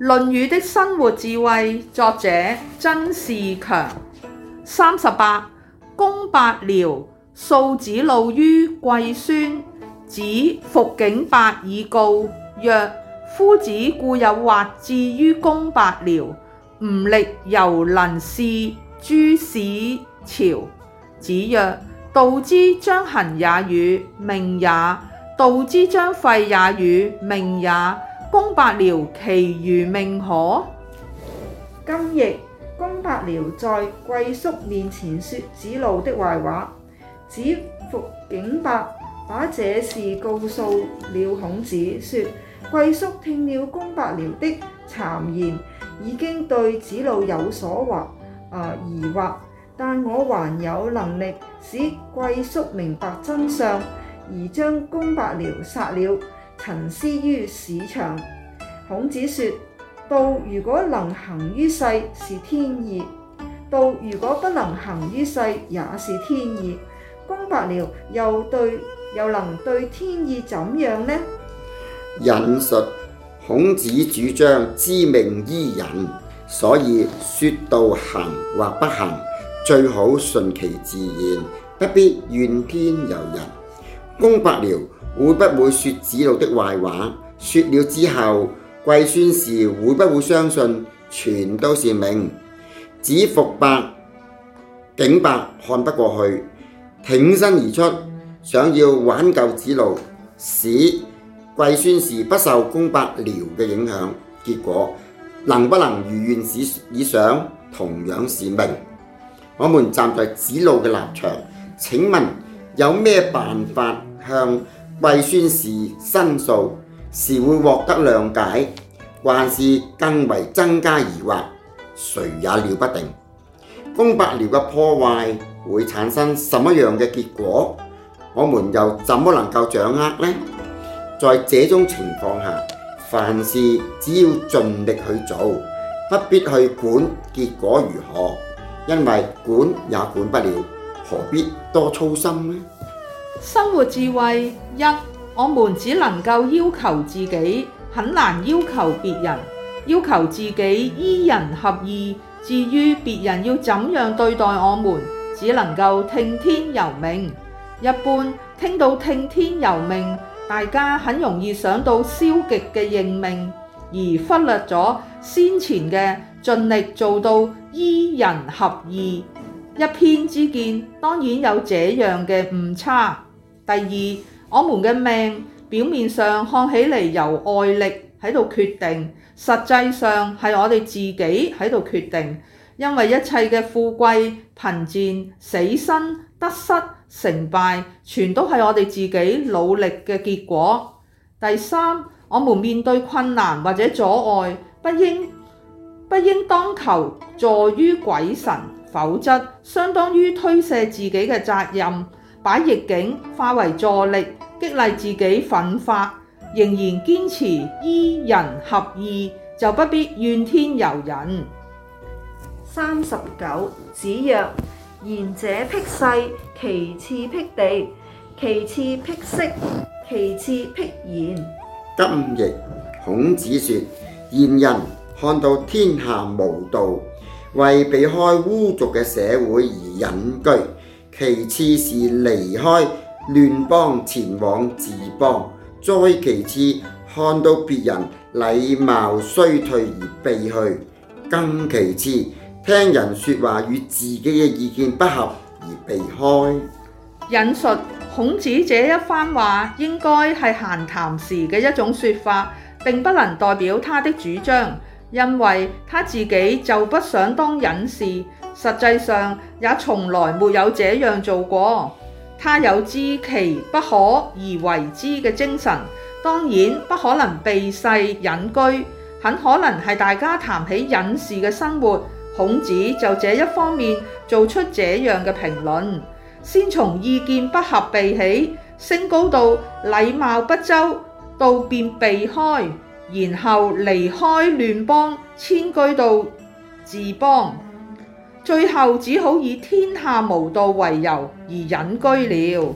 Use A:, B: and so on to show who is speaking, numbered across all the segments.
A: 《論語》的生活智慧，作者曾仕強。三十八，公伯僚訴子路於季孫，子服景伯以告曰：夫子固有惑志於公伯僚，吾力猶能事諸史朝。子曰：道之將行也與命也，道之將廢也與命也。公伯寮其如命何？今日公伯寮在
B: 貴叔面前說子路的壞話，子服景伯把這事告訴了孔子，說貴叔聽了公伯寮的讒言，已經對子路有所惑啊疑惑，但我還有能力使貴叔明白真相，而將公伯寮殺了。陳屍於市朝，孔子說：道如果能行於世，是天意，道如果不能行於世，也是天意。公伯寮又對又能對天意怎樣呢？
C: 隱術，孔子主張知命依人，所以說道行或不行，最好順其自然，不必怨天尤人。公伯僚會不會説子路的壞話？説了之後，季孫氏會不會相信全都是命？子服伯、景伯看不過去，挺身而出，想要挽救子路，使季孫氏不受公伯僚嘅影響。結果能不能如願以償同樣是命？我們站在子路嘅立場，請問有咩辦法？向魏宣氏申訴，是會獲得諒解，還是更為增加疑惑，誰也料不定。公伯寮嘅破壞會產生什麼樣嘅結果，我們又怎麼能夠掌握呢？在這種情況下，凡事只要盡力去做，不必去管結果如何，因為管也管不了，何必多操心呢？
A: 生活智慧。一，我們只能夠要求自己，很難要求別人，要求自己依人合意。至於別人要怎樣對待我們，只能夠聽天由命。一般聽到聽天由命，大家很容易想到消極的認命，而忽略了先前的盡力做到依人合意。一偏之見，當然有這樣的誤差。第二，我們嘅命表面上看起嚟由外力喺度決定，實際上係我哋自己喺度決定，因為一切嘅富貴貧賤死生得失、成敗全都係我哋自己努力嘅結果。第三，我們面對困難或者阻礙不應不應當求助於鬼神，否則相當於推卸自己嘅責任。把逆境化為助力，激勵自己奮發，仍然堅持依仁合義，就不必怨天尤人。
B: 三十九，子曰：賢者辟世，其次辟地，其次辟色，其次辟
C: 言。今譯孔子說，賢人看到天下無道，為避開污濁嘅社會而隱居。其次是離開亂邦前往治邦，再其次看到別人禮貌衰退而避去，更其次聽人説話與自己嘅意見不合而避開。
A: 引述孔子這一番話，應該係閒談時嘅一種說法，並不能代表他的主張，因為他自己就不想當隱士。實際上也從來沒有這樣做過。他有知其不可而為之嘅精神，當然不可能避世隱居，很可能係大家談起隱士嘅生活，孔子就這一方面做出這樣嘅評論。先從意見不合避起，升高到禮貌不周，到便避開，然後離開亂邦，遷居到治邦。最後只好以天下無道為由而隱居了。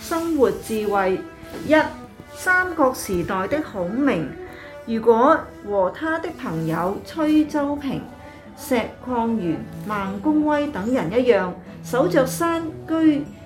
A: 生活智慧一，三國時
B: 代的孔明，如果和他的朋友崔州平、石廣元、孟公威等人一樣，守着山居，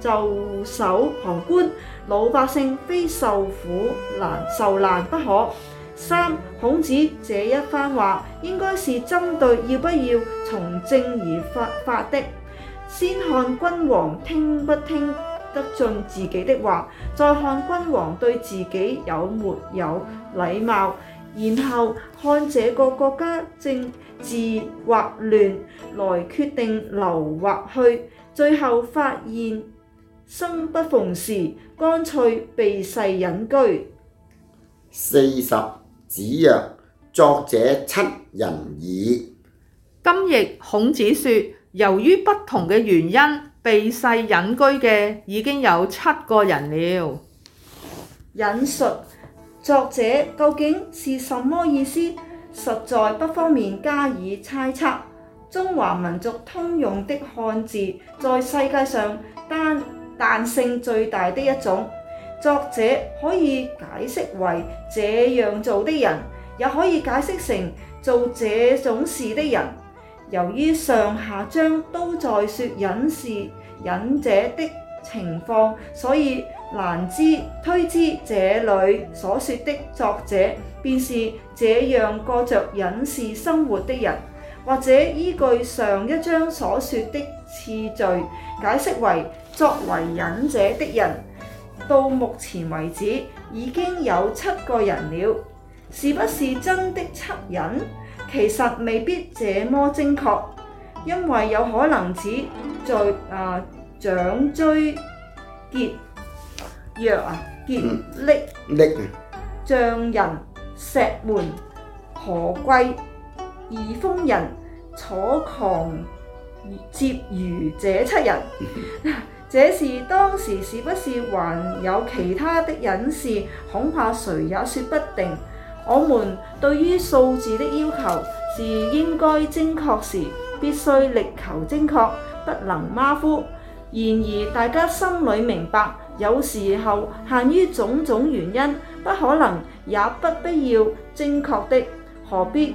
B: 袖手旁觀，老百姓非受苦難受難不可。三、孔子這一番話應該是針對要不要從政而發發的。先看君王聽不聽得進自己的話，再看君王對自己有沒有禮貌，然後看這個國家政治或亂來決定留或去。最後發現。生不逢時，乾脆避世隱居。
C: 四十子曰：作者七人矣。
A: 今譯孔子說，由於不同嘅原因，避世隱居嘅已經有七個人了。引述作
B: 者究竟是什麼意思，實在不方便加以猜測。中華民族通用的漢字，在世界上單彈性最大的一種，作者可以解釋為這樣做的人，也可以解釋成做這種事的人。由於上下章都在說隱士隱者的情況，所以難知推知，這裡所說的作者，便是這樣過着隱士生活的人。或者依據上一章所說的次序，解釋為作為隱者的人，到目前為止已經有七個人了，是不是真的七隱？其實未必這麼精確，因為有可能此在啊長沮桀溺，啊、嗯、結力力丈人、石門、荷蕢？而封人、楚狂、接如這七人， 這是當時是不是還有其他的隱士？恐怕誰也說不定。我們對於數字的要求是應該精確時，必須力求精確，不能馬虎。然而大家心裏明白，有時候限於種種原因，不可能也不必要精確的，何必？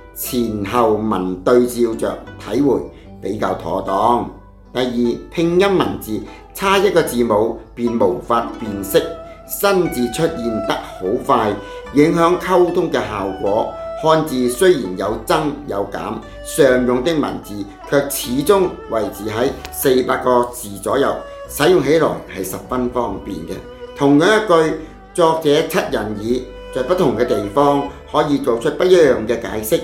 C: 前後文對照着體會比較妥當。第二，拼音文字差一個字母便無法辨識，新字出現得好快，影響溝通嘅效果。漢字雖然有增有減，常用的文字卻始終維持喺四百個字左右，使用起來係十分方便嘅。同樣一句，作者七人矣，在不同嘅地方可以做出不一樣嘅解釋。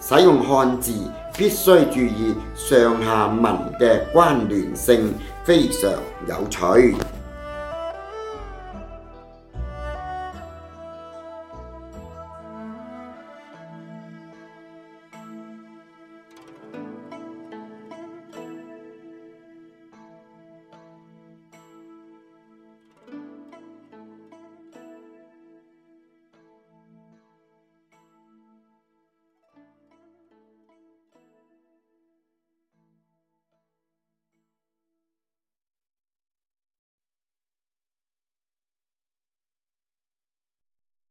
C: 使用漢字必須注意上下文嘅關聯性，非常有趣。